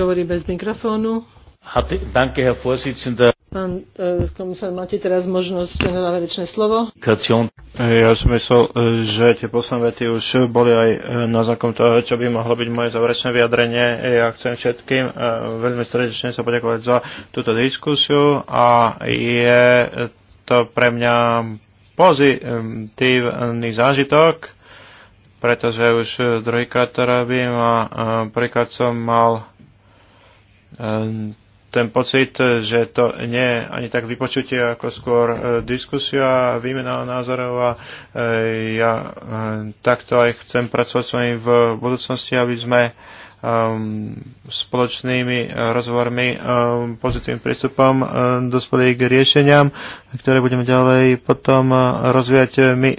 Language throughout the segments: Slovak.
hovorí bez mikrofónu. Danke, Herr Vorsitzender. Pán eh, komisár, máte teraz možnosť na záverečné slovo. Ja som myslel, eh, že tie posledné vety už boli aj eh, na zákon toho, čo by mohlo byť moje záverečné vyjadrenie. Ja chcem všetkým veľmi srdečne sa poďakovať za túto diskusiu a je to pre mňa pozitívny zážitok pretože už e, druhýkrát to robím a e, prvýkrát som mal e, ten pocit, že to nie je ani tak vypočutie, ako skôr e, diskusia, výmena názorov a e, ja e, takto aj chcem pracovať s vami v budúcnosti, aby sme spoločnými rozhovormi, pozitívnym prístupom um, dospeli k riešeniam, ktoré budeme ďalej potom rozvíjať. My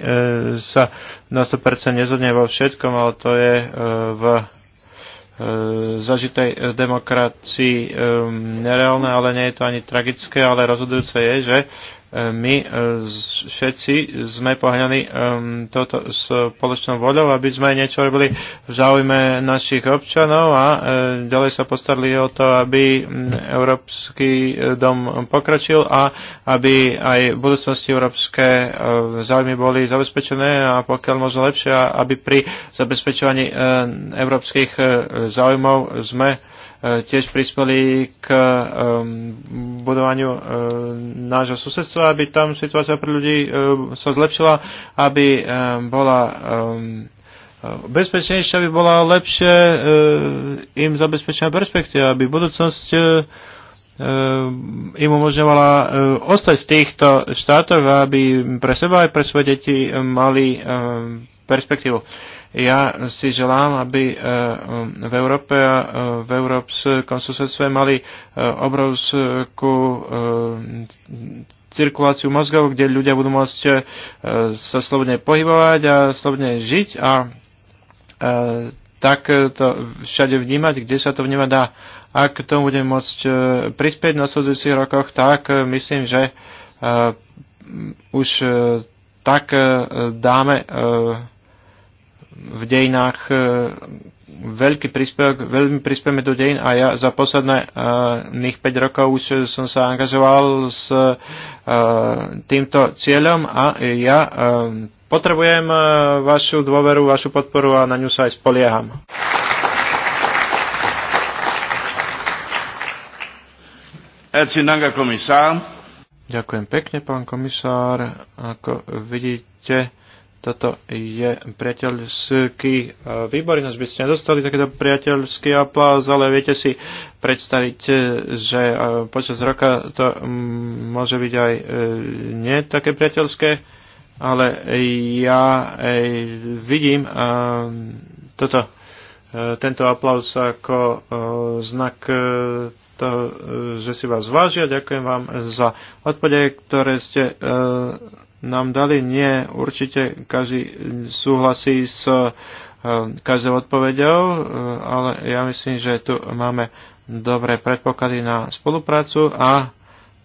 sa na 100% nezhodneme vo všetkom, ale to je v E, zažitej e, demokracii e, nereálne, ale nie je to ani tragické, ale rozhodujúce je, že my e, všetci sme poháňaní e, toto spoločnou voľou, aby sme niečo robili v záujme našich občanov a e, ďalej sa postarili o to, aby Európsky dom pokračil a aby aj v budúcnosti európske záujmy boli zabezpečené a pokiaľ možno lepšie, aby pri zabezpečovaní európskych záujmov sme tiež prispeli k um, budovaniu uh, nášho susedstva, aby tam situácia pre ľudí uh, sa zlepšila, aby um, bola um, bezpečnejšia, aby bola lepšie uh, im zabezpečená perspektíva, aby budúcnosť im umožňovala ostať v týchto štátoch, aby pre seba aj pre svoje deti mali perspektívu. Ja si želám, aby e, v Európe a e, v európskom susedstve mali e, obrovskú cirkuláciu mozgov, kde ľudia budú môcť sa slobodne pohybovať a slobodne žiť a tak to všade vnímať, kde sa to vnímať dá. Ak k tomu budem môcť prispieť na nasledujúcich rokoch, tak myslím, že už tak dáme v dejinách e, veľký príspevok, veľmi príspevok do dejin a ja za e, nich 5 rokov už som sa angažoval s e, týmto cieľom a ja potrebujem vašu dôveru, vašu podporu a na ňu sa aj spolieham. Ďakujem pekne, pán komisár. Ako vidíte, toto je priateľský e, výbor, ináč by ste nedostali takýto priateľský aplauz, ale viete si predstaviť, e, že e, počas roka to môže byť aj nie také priateľské, ale ja vidím toto, tento aplauz ako znak toho, že si vás vážia. Ďakujem vám za odpovede, ktoré ste nám dali. Nie, určite každý súhlasí s eh, každou odpovedou, eh, ale ja myslím, že tu máme dobré predpoklady na spoluprácu a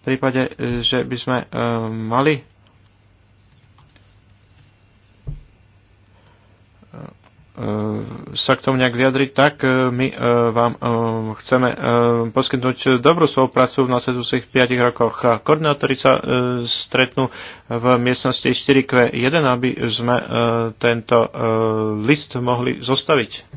v prípade, eh, že by sme mali E, sa k tomu nejak vyjadriť, tak e, my e, vám chceme poskytnúť dobrú spoluprácu v nasledujúcich 5 rokoch. Koordinátori sa stretnú v miestnosti 4Q1, aby sme tento list mohli zostaviť.